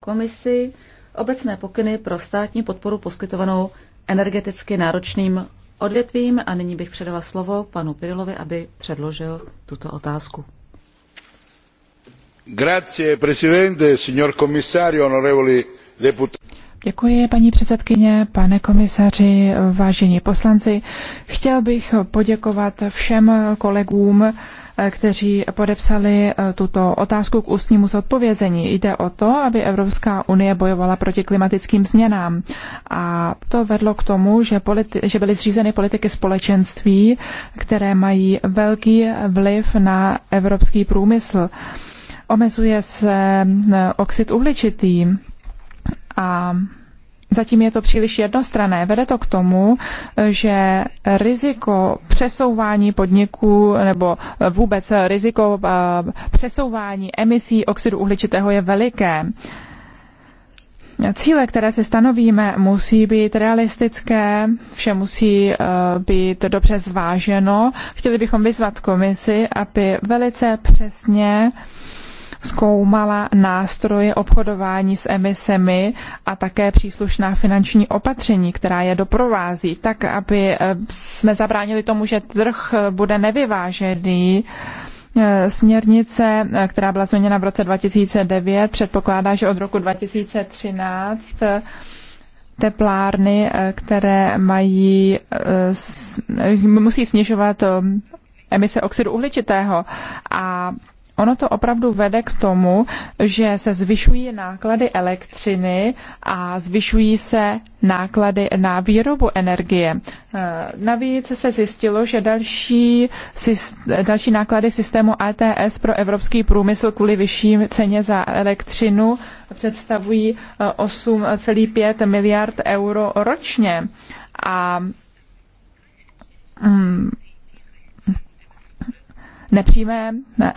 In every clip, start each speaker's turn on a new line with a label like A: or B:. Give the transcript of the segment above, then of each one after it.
A: komisi obecné pokyny pro státní podporu poskytovanou energeticky náročným odvětvím a nyní bych předala slovo panu Pirilovi, aby předložil tuto otázku. Grazie, presidente, signor commissario,
B: onorevoli deputati.
C: Děkuji, paní předsedkyně, pane komisaři, vážení poslanci. Chtěl bych poděkovat všem kolegům, kteří podepsali eh, tuto otázku k ústnímu zodpovězení. Jde o to, aby Evropská unie bojovala proti klimatickým změnám. A to vedlo k tomu, že, politi- že byly zřízeny politiky společenství, které mají velký vliv na evropský průmysl. Omezuje se eh, oxid uhličitý a Zatím je to příliš jednostrané. Vede to k tomu, že riziko přesouvání podniků nebo vůbec riziko eh, přesouvání emisí oxidu uhličitého je veliké. Cíle, které si stanovíme, musí být realistické, vše musí eh, být dobře zváženo. Chtěli bychom vyzvat komisi, aby velice přesně zkoumala nástroje obchodování s emisemi a také příslušná finanční opatření, která je doprovází, tak aby eh, jsme zabránili tomu, že trh eh, bude nevyvážený. Eh, směrnice, která byla změněna v roce 2009, předpokládá, že od roku 2013 teplárny, které mají, musí snižovat emise oxidu uhličitého a ono to opravdu vede k tomu, že se zvyšují náklady elektřiny a zvyšují se náklady na výrobu energie. E, navíc se zjistilo, že další, další náklady systému ATS pro evropský průmysl kvůli vyšší ceně za elektřinu představují 8,5 e, miliard euro ročně. A mm, nepřímé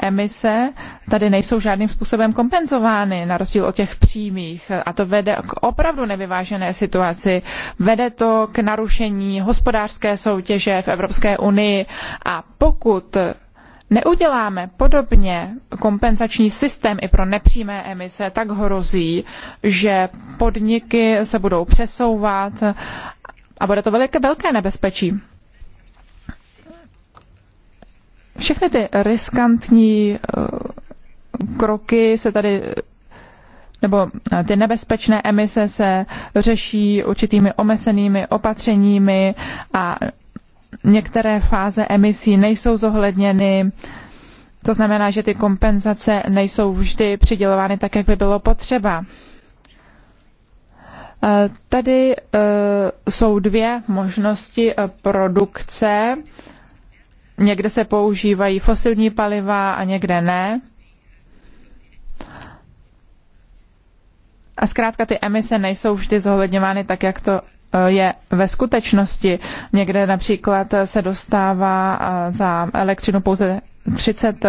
C: emise tady nejsou žádným způsobem kompenzovány, na rozdíl od těch přímých. A to vede k opravdu nevyvážené situaci. Vede to k narušení hospodářské soutěže v Evropské unii. A pokud neuděláme podobně kompenzační systém i pro nepřímé emise, tak hrozí, že podniky se budou přesouvat a bude to velké, velké nebezpečí. Všechny ty riskantní eh, kroky se tady nebo eh, ty nebezpečné emise se řeší určitými omezenými opatřeními a některé fáze emisí nejsou zohledněny. To znamená, že ty kompenzace nejsou vždy přidělovány tak, jak by bylo potřeba. Eh, tady jsou dvě možnosti produkce Někde se používají fosilní paliva a někde ne. A zkrátka ty emise nejsou vždy zohledňovány tak, jak to eh, je ve skutečnosti. Někde například se dostává eh, za elektřinu pouze 30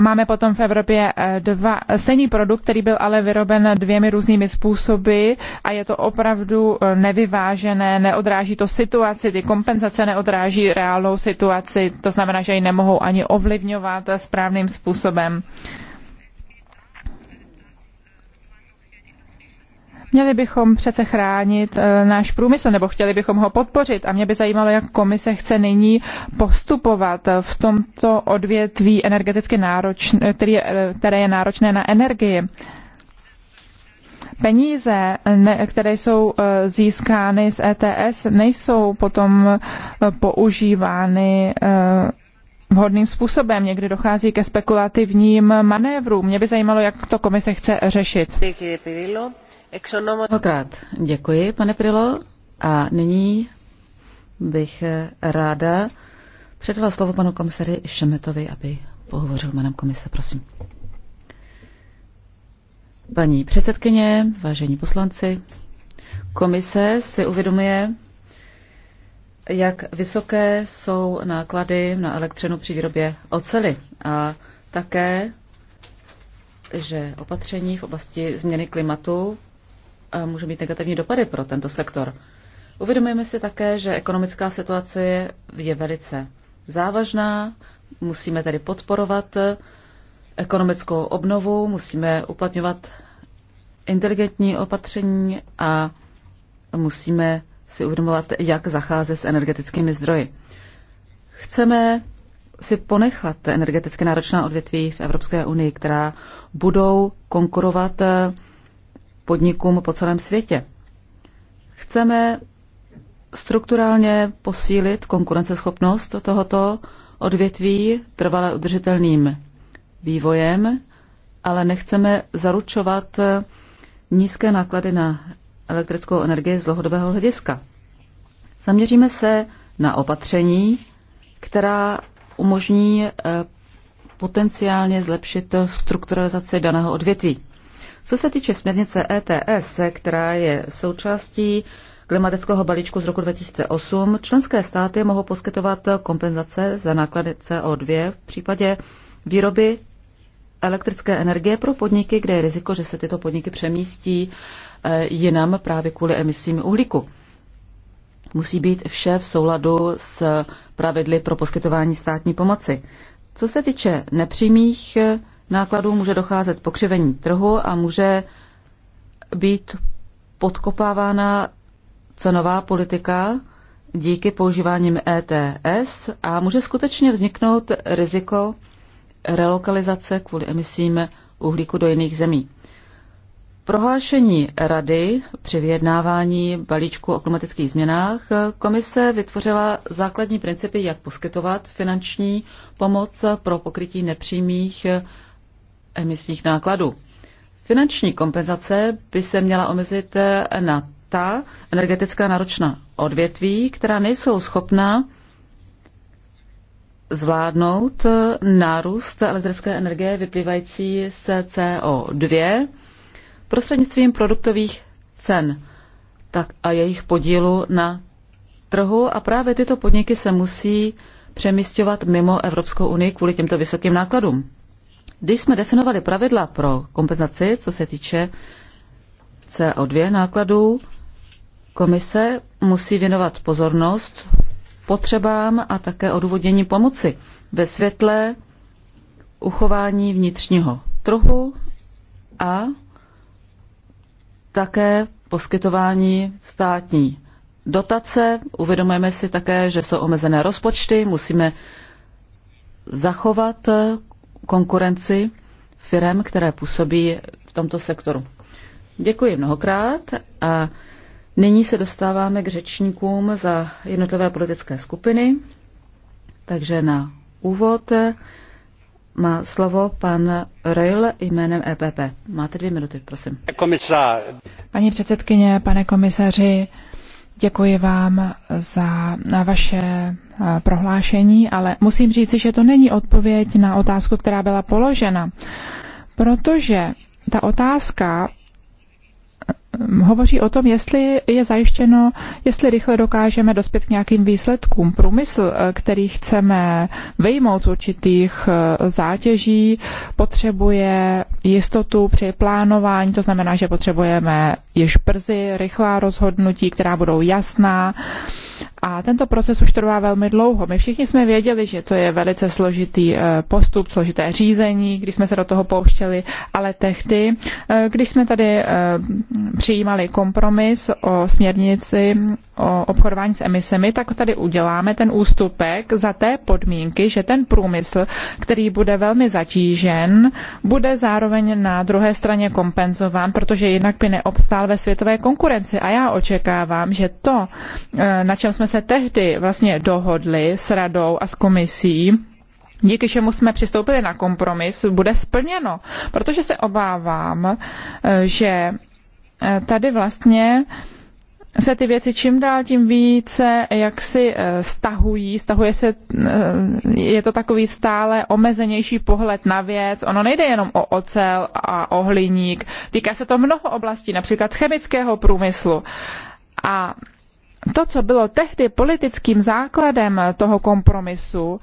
C: Máme potom v Evropě eh, dva, eh, stejný produkt, který byl ale vyroben dvěmi různými způsoby a je to opravdu eh, nevyvážené, neodráží to situaci, ty kompenzace neodráží reálnou situaci, to znamená, že ji nemohou ani ovlivňovat správným způsobem. Uh, Měli bychom přece chránit eh, náš průmysl, nebo chtěli bychom ho podpořit. A mě by zajímalo, jak komise chce nyní postupovat eh, v tomto odvětví energeticky náročné, eh, které je náročné na energii peníze, které jsou získány z ETS, nejsou potom používány vhodným způsobem. Někdy dochází ke spekulativním manévrům. Mě by zajímalo, jak to komise chce
A: řešit. Mnohokrát děkuji, pane Prilo. A nyní bych ráda předala slovo panu komisaři Šemetovi, aby pohovořil jménem komise, prosím. Paní předsedkyně, vážení poslanci, komise si uvědomuje, jak vysoké jsou náklady na elektřinu při výrobě ocely a také, že opatření v oblasti změny klimatu může mít negativní dopady pro tento sektor. Uvědomujeme si také, že ekonomická situace je velice závažná, musíme tedy podporovat ekonomickou obnovu, musíme uplatňovat inteligentní opatření a musíme si uvědomovat, jak zacházet s energetickými zdroji. Chceme si ponechat energeticky náročná odvětví v Evropské unii, která budou konkurovat podnikům po celém světě. Chceme strukturálně posílit konkurenceschopnost tohoto odvětví trvale udržitelným vývojem, ale nechceme zaručovat nízké náklady na elektrickou energii z dlouhodobého hlediska. Zaměříme se na opatření, která umožní eh, potenciálně zlepšit strukturalizaci daného odvětví. Co se týče směrnice ETS, která je součástí klimatického balíčku z roku 2008, členské státy mohou poskytovat kompenzace za náklady CO2 v případě výroby elektrické energie pro podniky, kde je riziko, že se tyto podniky přemístí eh, jinam právě kvůli emisím uhlíku. Musí být vše v souladu s pravidly pro poskytování státní pomoci. Co se týče nepřímých eh, nákladů může docházet pokřivení trhu a může být podkopávána cenová politika díky používáním ETS a může skutečně vzniknout riziko relokalizace kvůli emisím uhlíku do jiných zemí. Prohlášení Rady při vyjednávání balíčku o klimatických změnách komise vytvořila základní principy, jak poskytovat finanční pomoc pro pokrytí nepřímých emisních nákladů. Finanční kompenzace by se měla omezit eh, na ta energetická náročná odvětví, která nejsou schopná zvládnout eh, nárůst elektrické energie vyplývající z CO2 prostřednictvím produktových cen tak a jejich podílu na trhu a právě tyto podniky se musí přemysťovat mimo Evropskou unii kvůli těmto vysokým nákladům. Když jsme definovali pravidla pro kompenzaci, co se týče CO2 nákladů, komise musí věnovat pozornost potřebám a také odůvodnění pomoci ve světle uchování vnitřního trhu a také poskytování státní dotace. Uvědomujeme si také, že jsou omezené rozpočty, musíme zachovat konkurenci firm, které působí v tomto sektoru. Děkuji mnohokrát a nyní se dostáváme k řečníkům za jednotlivé politické skupiny. Takže na úvod má slovo pan Reil jménem EPP. Máte dvě minuty, prosím. Komisár. Paní předsedkyně, pane komisaři, děkuji
C: vám za na vaše prohlášení, ale musím říci, že to není odpověď na otázku, která byla položena, protože ta otázka Ehm, hovoří o tom, jestli je zajištěno, jestli rychle dokážeme dospět k nějakým výsledkům. Průmysl, eh, který chceme vyjmout z určitých eh, zátěží, potřebuje jistotu při plánování, to znamená, že potřebujeme již brzy rychlá rozhodnutí, která budou jasná. A tento proces už trvá velmi dlouho. My všichni jsme věděli, že to je velice složitý eh, postup, složité řízení, když jsme se do toho pouštěli, ale tehdy, když jsme tady přijímali kompromis o směrnici o obchodování s emisemi, tak tady uděláme ten ústupek za té podmínky, že ten průmysl, který bude velmi zatížen, bude zároveň na druhé straně kompenzován, protože jinak by neobstál ve světové konkurenci. A já očekávám, že to, eh, na čem jsme se tehdy vlastně dohodli s radou a s komisí, díky čemu jsme přistoupili na kompromis, bude splněno. Protože se obávám, eh, že Eh, tady vlastně se ty věci čím dál tím více jak si eh, stahují, stahuje se, eh, je to takový stále omezenější pohled na věc. Ono nejde jenom o ocel a o hliník, týká se to mnoho oblastí, například chemického průmyslu. A to, co bylo tehdy politickým základem toho kompromisu,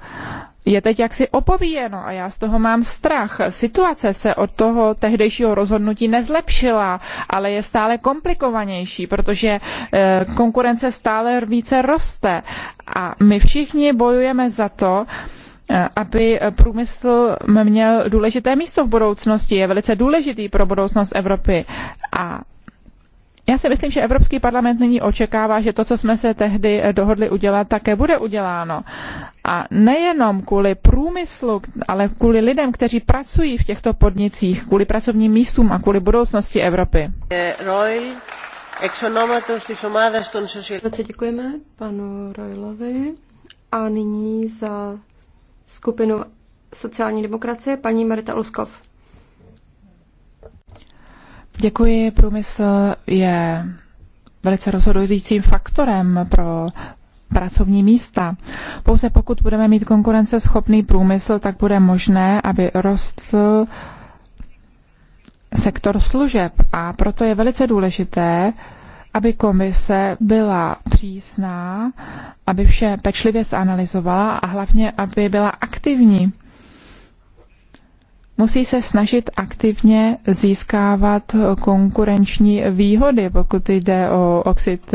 C: je teď jaksi opovíjeno a já z toho mám strach. Situace se od toho tehdejšího rozhodnutí nezlepšila, ale je stále komplikovanější, protože eh, konkurence stále více roste a my všichni bojujeme za to, eh, aby průmysl měl důležité místo v budoucnosti, je velice důležitý pro budoucnost Evropy. A já si myslím, že Evropský parlament nyní očekává, že to, co jsme se tehdy dohodli udělat, také bude uděláno. A nejenom kvůli průmyslu, ale kvůli lidem, kteří pracují v těchto podnicích, kvůli pracovním místům a kvůli
B: budoucnosti Evropy. Eh, Velice děkujeme panu Roylovi a nyní za skupinu sociální demokracie paní Marita Luskov.
C: Děkuji. Průmysl je velice rozhodujícím faktorem pro pracovní místa. Pouze pokud budeme mít konkurenceschopný průmysl, tak bude možné, aby rostl sektor služeb. A proto je velice důležité, aby komise byla přísná, aby vše pečlivě zanalizovala a hlavně, aby byla aktivní musí se snažit aktivně získávat konkurenční výhody, pokud jde o oxid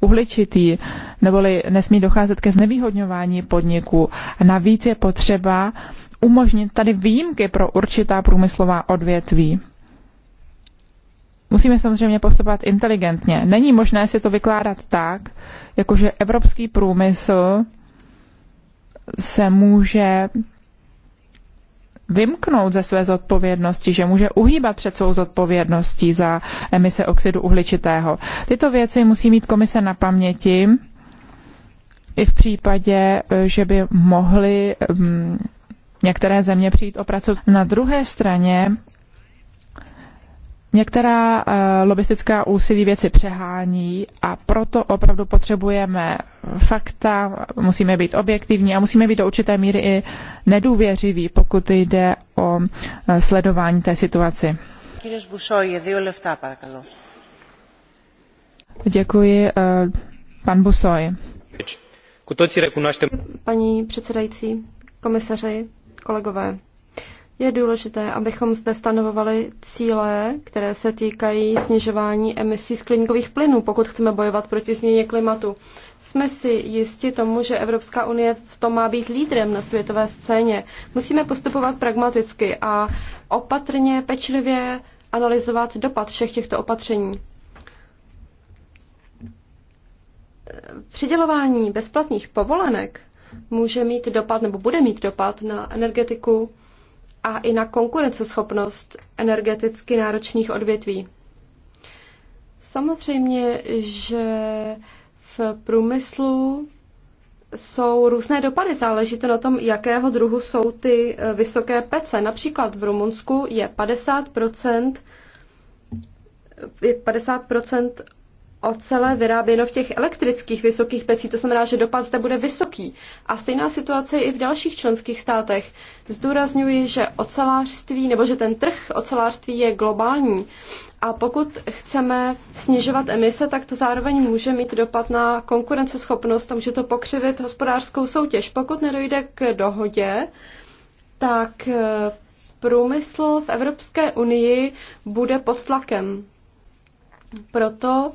C: uhličitý, neboli nesmí docházet ke znevýhodňování podniků. navíc je potřeba umožnit tady výjimky pro určitá průmyslová odvětví. Musíme samozřejmě postupovat inteligentně. Není možné si to vykládat tak, jakože evropský průmysl se může vymknout ze své zodpovědnosti, že může uhýbat před svou zodpovědností za emise oxidu uhličitého. Tyto věci musí mít komise na paměti i v případě, že by mohly mm, některé země přijít o pracu. Na druhé straně Některá eh, lobistická úsilí věci přehání a proto opravdu potřebujeme fakta, musíme být objektivní a musíme být do určité míry i nedůvěřiví, pokud jde o eh, sledování té situaci. Děkuji, eh, pan
B: Busoj. Paní předsedající, komisaři, kolegové, je důležité, abychom zde stanovovali cíle, které se týkají snižování emisí skleníkových plynů, pokud chceme bojovat proti změně klimatu. Jsme si jisti tomu, že Evropská unie v tom má být lídrem na světové scéně. Musíme postupovat pragmaticky a opatrně, pečlivě analyzovat dopad všech těchto opatření. Přidělování bezplatných povolenek může mít dopad nebo bude mít dopad na energetiku a i na konkurenceschopnost energeticky náročných odvětví. Samozřejmě, že v průmyslu jsou různé dopady, záleží to na tom, jakého druhu jsou ty e, vysoké pece. Například v Rumunsku je 50 je 50 ocele vyráběno v těch elektrických vysokých pecích, to znamená, že dopad zde bude vysoký. A stejná situace je i v dalších členských státech. Zdůrazňuji, že ocelářství nebo že ten trh ocelářství je globální. A pokud chceme snižovat emise, tak to zároveň může mít dopad na konkurenceschopnost a může to pokřivit hospodářskou soutěž. Pokud nedojde k dohodě, tak eh, průmysl v Evropské unii bude pod tlakem. Proto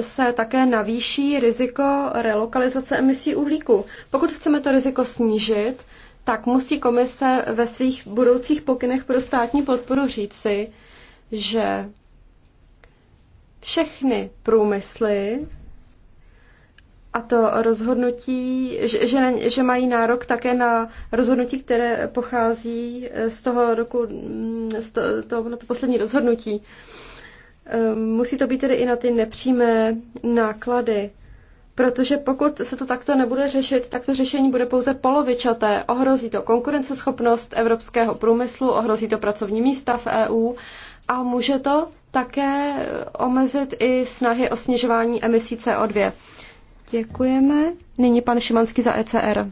B: se také navýší riziko relokalizace emisí uhlíku. Pokud chceme to riziko snížit, tak musí komise ve svých budoucích pokynech pro státní podporu říci, že všechny průmysly a to rozhodnutí, že, že, že mají nárok také na rozhodnutí, které pochází z toho roku, mm, z to, to, na to poslední rozhodnutí. Ehm, musí to být tedy i na ty nepřímé náklady, protože pokud se to takto nebude řešit, tak to řešení bude pouze polovičaté. Ohrozí to konkurenceschopnost evropského průmyslu, ohrozí to pracovní místa v EU a může to také eh, omezit i snahy o snižování emisí CO2. Děkujeme. Nyní pan Šimanský za ECR.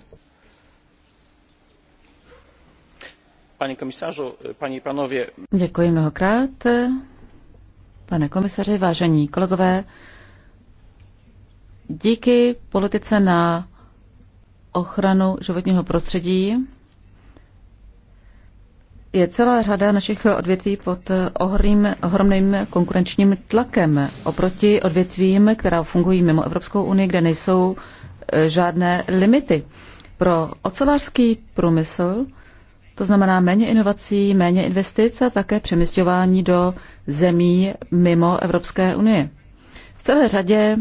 B: Pane komisařu, eh, paní panově. Děkuji mnohokrát
A: pane komisaři, vážení kolegové, díky politice na ochranu životního prostředí je celá řada našich odvětví pod ohrým, ohromným konkurenčním tlakem oproti odvětvím, která fungují mimo Evropskou unii, kde nejsou e, žádné limity. Pro ocelářský průmysl to znamená méně inovací, méně investic a také přemysťování do zemí mimo Evropské unie. V celé řadě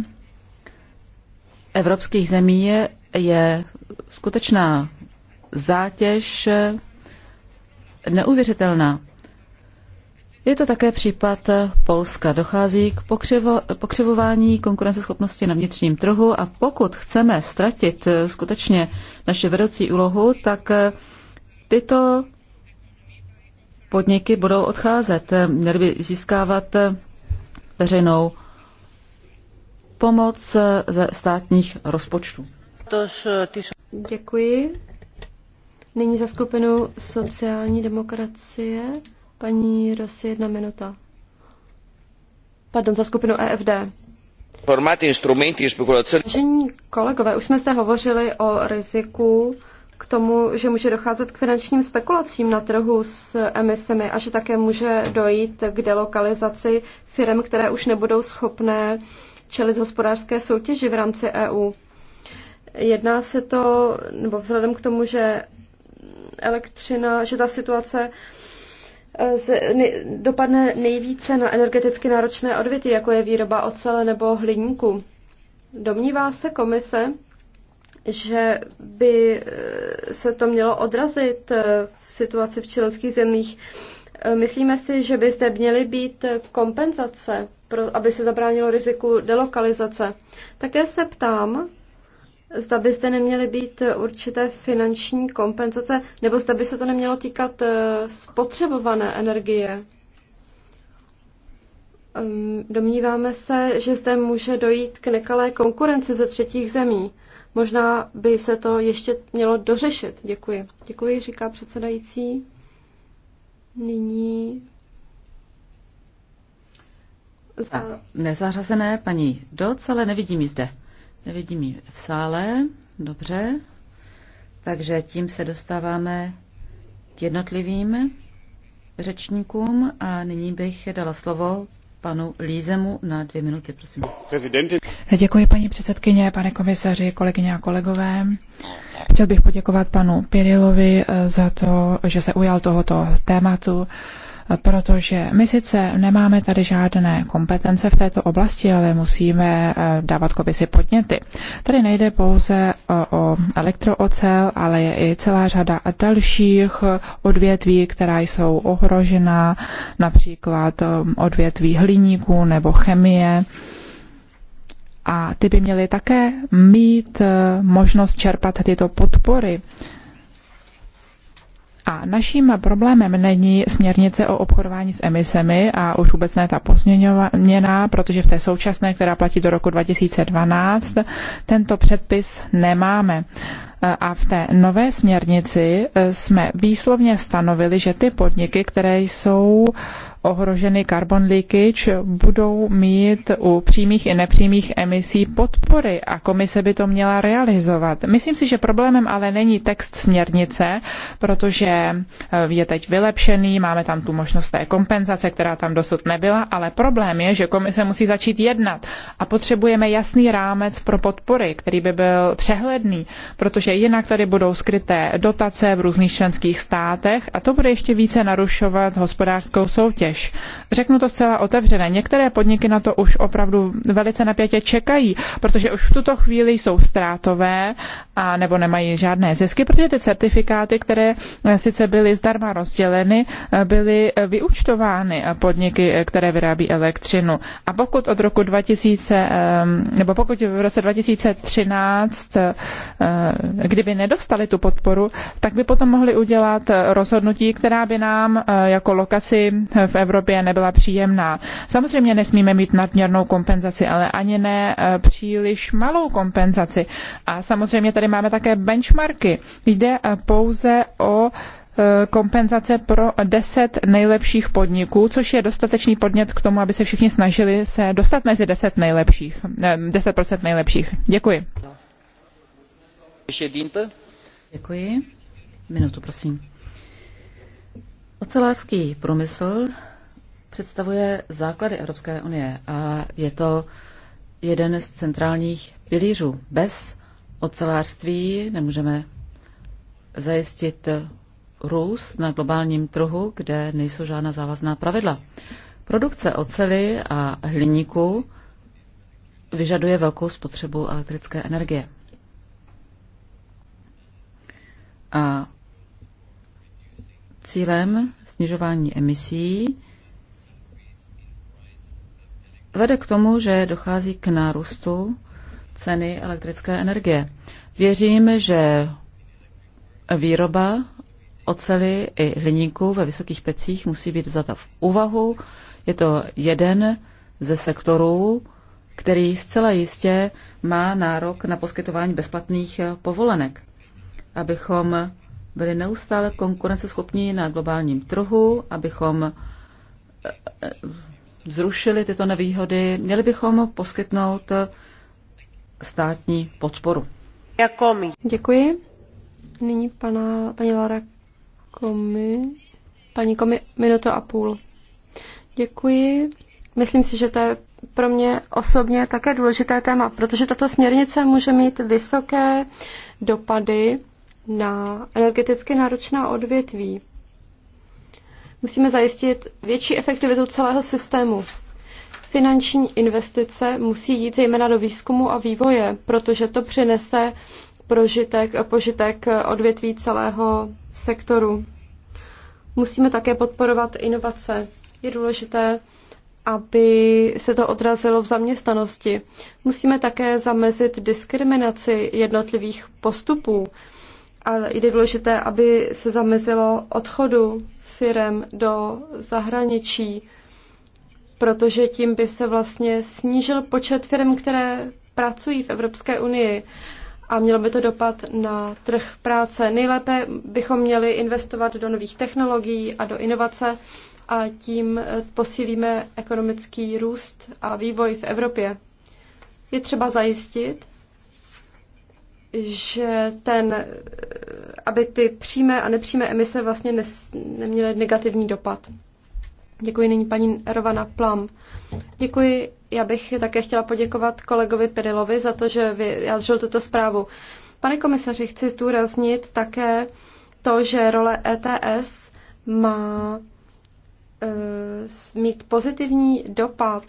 A: evropských zemí je, je skutečná zátěž neuvěřitelná. Je to také případ Polska. Dochází k pokřivo, pokřivování konkurenceschopnosti na vnitřním trhu a pokud chceme ztratit skutečně naše vedoucí úlohu, tak tyto podniky budou odcházet, měly by získávat veřejnou pomoc ze státních rozpočtů.
B: Děkuji. Nyní za skupinu sociální demokracie paní Rosy jedna minuta. Pardon, za skupinu EFD. Formát instrumenty spekulace. Vážení kolegové, už jsme zde hovořili o riziku k tomu, že může docházet k finančním spekulacím na trhu s emisemi a že také může dojít k delokalizaci firm, které už nebudou schopné čelit hospodářské soutěži v rámci EU. Jedná se to, nebo vzhledem k tomu, že elektřina, že ta situace z, eh, ne, dopadne nejvíce na energeticky náročné odvěty, jako je výroba ocele nebo hliníku. Domnívá se komise, že by eh, se to mělo odrazit eh, v situaci v členských zemích. Eh, myslíme si, že by zde měly být kompenzace, pro, aby se zabránilo riziku delokalizace. Také se ptám, zda by zde neměly být určité finanční kompenzace, nebo zda by se to nemělo týkat spotřebované energie. Ehm, domníváme se, že zde může dojít k nekalé konkurenci ze třetích zemí. Možná by se to ještě mělo dořešit. Děkuji. Děkuji, říká předsedající. Nyní.
A: Za... Nezařazené paní Doc, ale nevidím ji zde. Nevidím ji v sále. Dobře. Takže tím se dostáváme k jednotlivým řečníkům a nyní bych dala slovo panu Lízemu na dvě minuty, prosím.
C: Děkuji paní předsedkyně, pane komisaři, kolegyně a kolegové. Chtěl bych poděkovat panu Pirilovi eh, za to, že se ujal tohoto tématu protože my sice nemáme tady žádné kompetence v této oblasti, ale musíme eh, dávat komisi podněty. Tady nejde pouze o, eh, o elektroocel, ale je i celá řada dalších eh, odvětví, která jsou ohrožena, například odvětví hliníku nebo chemie a ty by měly také mít možnost čerpat tyto podpory. A naším problémem není směrnice o obchodování s emisemi a už vůbec ne ta pozměněná, protože v té současné, která platí do roku 2012, tento předpis nemáme. A v té nové směrnici eh, jsme výslovně stanovili, že ty podniky, které jsou uh, ohroženy carbon leakage, budou mít u přímých i nepřímých emisí podpory a komise by to měla realizovat. Myslím si, že problémem ale není text směrnice, protože eh, je teď vylepšený, máme tam tu možnost té kompenzace, která tam dosud nebyla, ale problém je, že komise musí začít jednat a potřebujeme jasný rámec pro podpory, který by byl přehledný, protože jinak tady budou skryté dotace v různých členských státech a to bude ještě více narušovat hospodářskou soutěž. Babiš. Řeknu to zcela otevřené. Některé podniky na to už opravdu velice napětě čekají, protože už v tuto chvíli jsou ztrátové a nebo nemají žádné zisky, protože ty certifikáty, které eh, sice byly zdarma rozděleny, eh, byly eh, vyučtovány podniky, které vyrábí elektřinu. A pokud od roku 2000, nebo pokud v roce 2013, kdyby nedostali tu podporu, tak by potom mohli udělat rozhodnutí, která by nám jako lokaci v Evropě nebyla příjemná. Samozřejmě nesmíme mít nadměrnou kompenzaci, ale ani ne eh, příliš malou kompenzaci. A samozřejmě tady máme také benchmarky. Jde eh, pouze o eh, kompenzace pro deset nejlepších podniků, což je dostatečný podnět k tomu, aby se všichni snažili se dostat mezi deset nejlepších, 10% nejlepších. Děkuji.
A: Děkuji. Minutu, prosím. Ocelářský průmysl představuje základy Evropské unie a je to jeden z centrálních pilířů. Bez ocelářství nemůžeme zajistit růst na globálním trhu, kde nejsou žádná závazná pravidla. Produkce ocely a hliníku vyžaduje velkou spotřebu elektrické energie. A cílem snižování emisí vede k tomu, že dochází k nárůstu ceny elektrické energie. Věřím, že výroba oceli i hliníku ve vysokých pecích musí být vzata v úvahu. Je to jeden ze sektorů, který zcela jistě má nárok na poskytování bezplatných povolenek, abychom byli neustále konkurenceschopní na globálním trhu, abychom zrušili tyto nevýhody, měli bychom poskytnout státní podporu.
B: Děkuji. Nyní pana, paní Lara Komi. Paní Komi, minuto a půl. Děkuji. Myslím si, že to je pro mě osobně také důležité téma, protože tato směrnice může mít vysoké dopady na energeticky náročná odvětví. Musíme zajistit větší efektivitu celého systému. Finanční investice musí jít zejména do výzkumu a vývoje, protože to přinese prožitek, požitek odvětví celého sektoru. Musíme také podporovat inovace. Je důležité, aby se to odrazilo v zaměstnanosti. Musíme také zamezit diskriminaci jednotlivých postupů. Ale je důležité, aby se zamezilo odchodu firem do zahraničí, protože tím by se vlastně snížil počet firm, které pracují v Evropské unii a mělo by to dopad na trh práce. Nejlépe bychom měli investovat do nových technologií a do inovace a tím posílíme ekonomický růst a vývoj v Evropě. Je třeba zajistit, že ten, aby ty přímé a nepřímé emise vlastně nes, neměly negativní dopad. Děkuji nyní paní Rovana Plam. Děkuji, já bych také chtěla poděkovat kolegovi Pirilovi za to, že vyjádřil tuto zprávu. Pane komisaři, chci zdůraznit také to, že role ETS má e, mít pozitivní dopad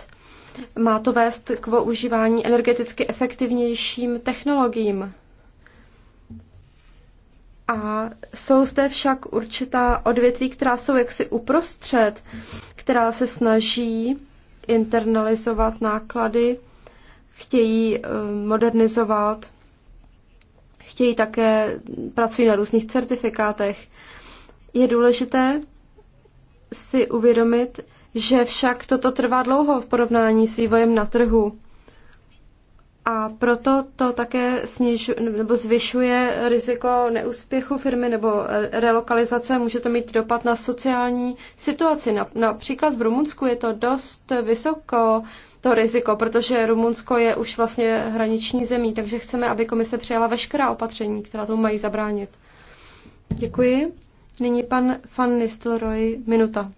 B: má to vést k používání energeticky efektivnějším technologiím. A jsou zde však určitá odvětví, která jsou jaksi uprostřed, která se snaží internalizovat náklady, chtějí eh, modernizovat, chtějí také, pracují na různých certifikátech. Je důležité si uvědomit, že však toto trvá dlouho v porovnání s vývojem na trhu a proto to také sniž, nebo zvyšuje riziko neúspěchu firmy nebo relokalizace. Může to mít dopad na sociální situaci. Například v Rumunsku je to dost vysoko to riziko, protože Rumunsko je už vlastně hraniční zemí, takže chceme, aby komise přijala veškerá opatření, která tomu mají zabránit. Děkuji. Nyní pan Van Nistelrooy, minuta.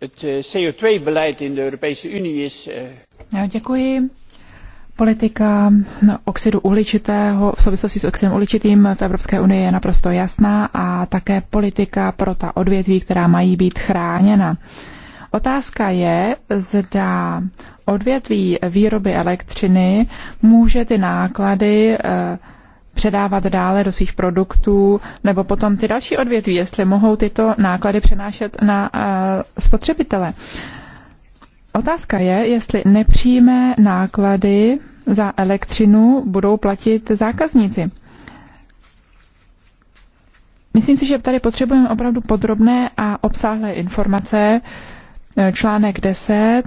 C: Het eh, co 2 eh,
B: no, Děkuji. Politika
C: oxidu uhličitého v souvislosti s oxidem uhličitým v Evropské unii je naprosto jasná a také politika pro ta odvětví, která mají být chráněna. Otázka je, zda odvětví výroby elektřiny může ty náklady eh, předávat dále do svých produktů, nebo potom ty další odvětví, jestli mohou tyto náklady přenášet na eh, spotřebitele. Otázka je, jestli nepřímé náklady za elektřinu budou platit zákazníci. Myslím si, že tady potřebujeme opravdu podrobné a obsáhlé informace. Eh, článek 10,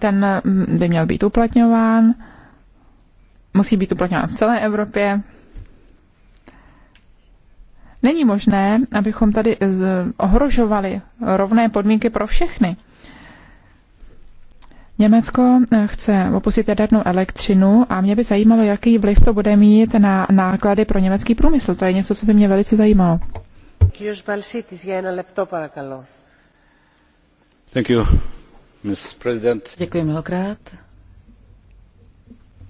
C: ten mm, by měl být uplatňován, musí být uplatňován v celé Evropě. Není možné, abychom tady ohrožovali rovné podmínky pro všechny. Německo eh, chce opustit jadernou elektřinu a mě by zajímalo, jaký vliv to bude mít na náklady pro německý průmysl. To je něco, co by mě velice zajímalo.
A: Thank you, Ms. President. Děkuji mnohokrát.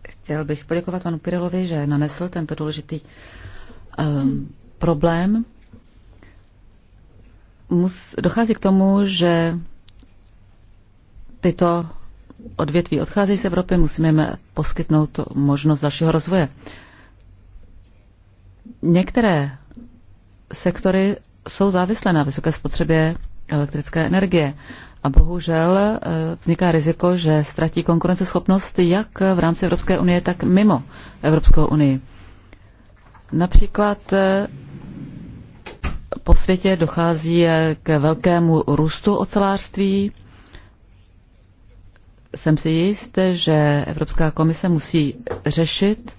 A: Chtěl bych poděkovat panu Pirelovi, že nanesl tento důležitý um, problém. Mus, dochází k tomu, že tyto odvětví odcházejí z Evropy, musíme jim poskytnout možnost dalšího rozvoje. Některé sektory jsou závislé na vysoké spotřebě elektrické energie a bohužel eh, vzniká riziko, že ztratí konkurenceschopnost jak v rámci Evropské unie, tak mimo Evropskou unii. Například eh, po světě dochází eh, k velkému růstu ocelářství, jsem si jist, že Evropská komise musí řešit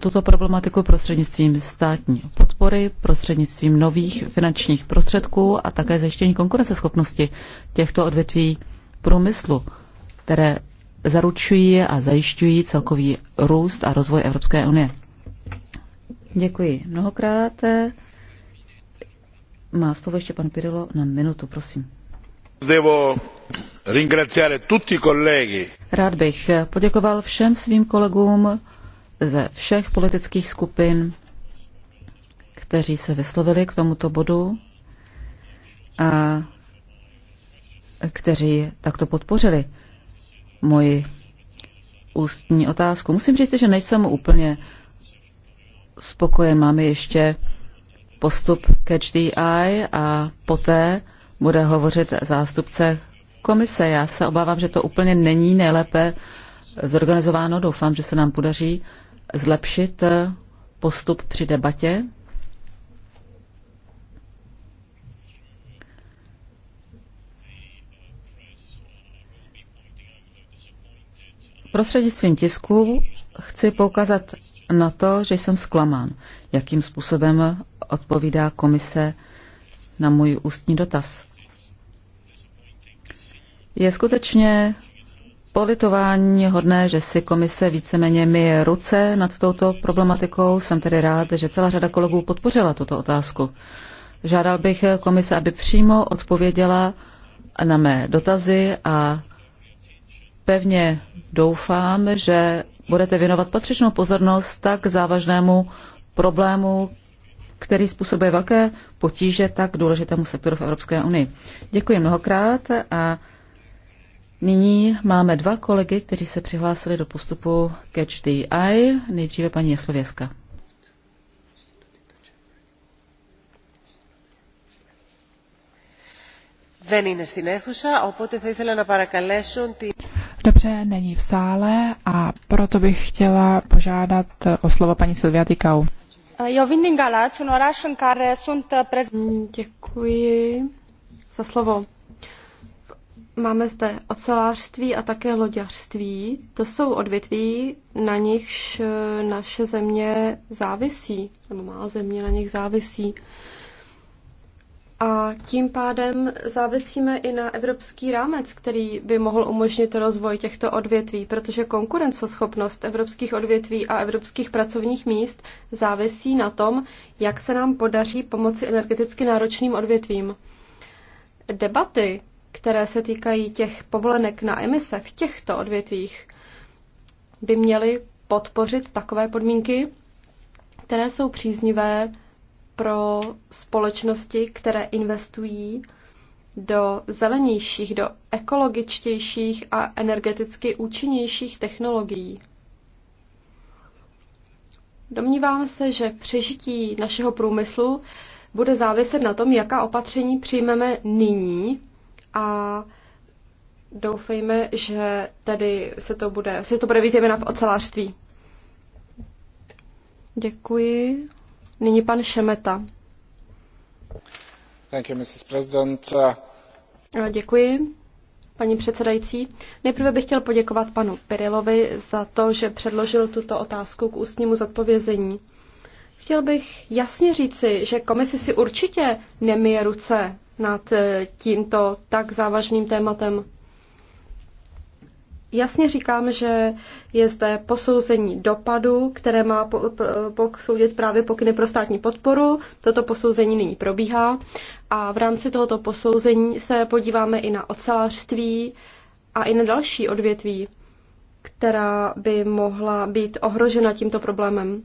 A: tuto problematiku prostřednictvím státní podpory, prostřednictvím nových finančních prostředků a také zajištění konkurenceschopnosti těchto odvětví průmyslu, které zaručují a zajišťují celkový růst a rozvoj Evropské unie. Děkuji mnohokrát. Má slovo ještě pan Pirilo na minutu, prosím. Devo Rád bych poděkoval všem svým kolegům ze všech politických skupin, kteří se vyslovili k tomuto bodu a kteří takto podpořili moji ústní otázku. Musím říct, že nejsem úplně spokojen. Máme ještě postup Catch the Eye a poté bude hovořit zástupce komise. Já se obávám, že to úplně není nejlépe zorganizováno. Doufám, že se nám podaří zlepšit eh, postup při debatě. Prostřednictvím tisku chci poukázat na to, že jsem zklamán, jakým způsobem odpovídá komise na můj ústní dotaz. Je skutečně politování hodné, že si komise víceméně myje ruce nad touto problematikou. Jsem tedy rád, že celá řada kolegů podpořila tuto otázku. Žádal bych komise, aby přímo odpověděla na mé dotazy a pevně doufám, že budete věnovat patřičnou pozornost tak závažnému problému, který způsobuje velké potíže tak důležitému sektoru v Evropské unii. Děkuji mnohokrát a Nyní máme dva kolegy, kteří se přihlásili do postupu Catch the Eye. Nejdříve paní Jeslověska.
C: Dobře, není v sále a proto bych chtěla požádat o slovo paní Silvia Tykau.
B: Děkuji za slovo. Máme zde ocelářství a také loďařství. To jsou odvětví, na nichž eh, naše země závisí, nebo má země na nich závisí. A tím pádem závisíme i na evropský rámec, který by mohl umožnit rozvoj těchto odvětví, protože konkurenceschopnost evropských odvětví a evropských pracovních míst závisí na tom, jak se nám podaří pomoci energeticky náročným odvětvím. Debaty, které se týkají těch povolenek na emise v těchto odvětvích, by měly podpořit takové podmínky, které jsou příznivé pro společnosti, které investují do zelenějších, do ekologičtějších a energeticky účinnějších technologií. Domnívám se, že přežití našeho průmyslu bude záviset na tom, jaká opatření přijmeme nyní a doufejme, že tady se to bude, Se to bude jména v ocelářství. Děkuji. Nyní pan Šemeta.
C: Thank you, Mrs. President.
B: Děkuji, paní předsedající. Nejprve bych chtěl poděkovat panu Pirilovi za to, že předložil tuto otázku k ústnímu zodpovězení. Chtěl bych jasně říci, že komisi si určitě nemije ruce nad eh, tímto tak závažným tématem. Jasně říkám, že je zde posouzení dopadu, které má posoudit právě pokyny pro státní podporu. Toto posouzení nyní probíhá a v rámci tohoto posouzení se podíváme i na ocelářství a i na další odvětví, která by mohla být ohrožena tímto problémem.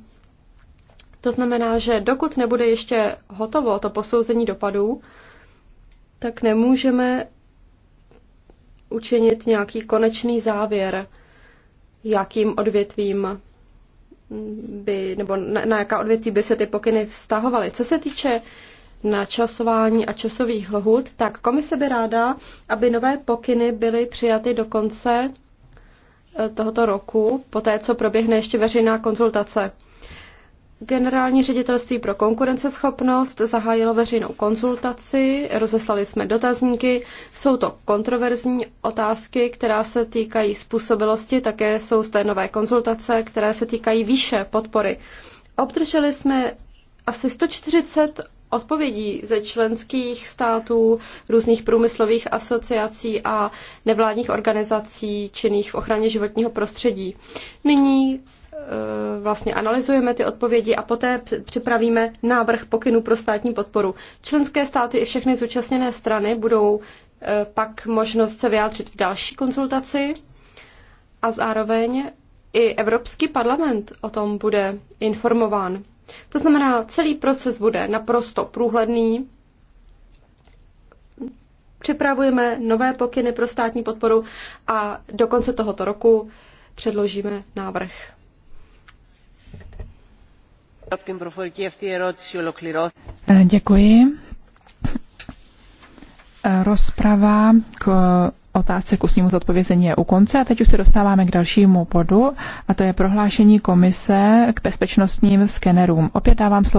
B: To znamená, že dokud nebude ještě hotovo to posouzení dopadů, tak nemůžeme učinit nějaký konečný závěr, jakým odvětvím by, nebo na, na jaká odvětví by se ty pokyny vztahovaly. Co se týče načasování a časových lhůt, tak komise by ráda, aby nové pokyny byly přijaty do konce eh, tohoto roku, poté co proběhne ještě veřejná konzultace. Generální ředitelství pro konkurenceschopnost zahájilo veřejnou konzultaci, rozeslali jsme dotazníky. Jsou to kontroverzní otázky, která se týkají způsobilosti, také jsou zde nové konzultace, které se týkají výše podpory. Obdrželi jsme asi 140 odpovědí ze členských států, různých průmyslových asociací a nevládních organizací činných v ochraně životního prostředí. Nyní Eh, vlastně analyzujeme ty odpovědi a poté připravíme návrh pokynů pro státní podporu. Členské státy i všechny zúčastněné strany budou eh, pak možnost se vyjádřit v další konzultaci a zároveň i Evropský parlament o tom bude informován. To znamená, celý proces bude naprosto průhledný. Připravujeme nové pokyny pro státní podporu a do konce tohoto roku předložíme návrh.
C: Děkuji. Rozprava k otázce k ústnímu zodpovězení je u konce a teď už se dostáváme k dalšímu bodu a to je prohlášení komise k bezpečnostním skenerům. Opět dávám slovo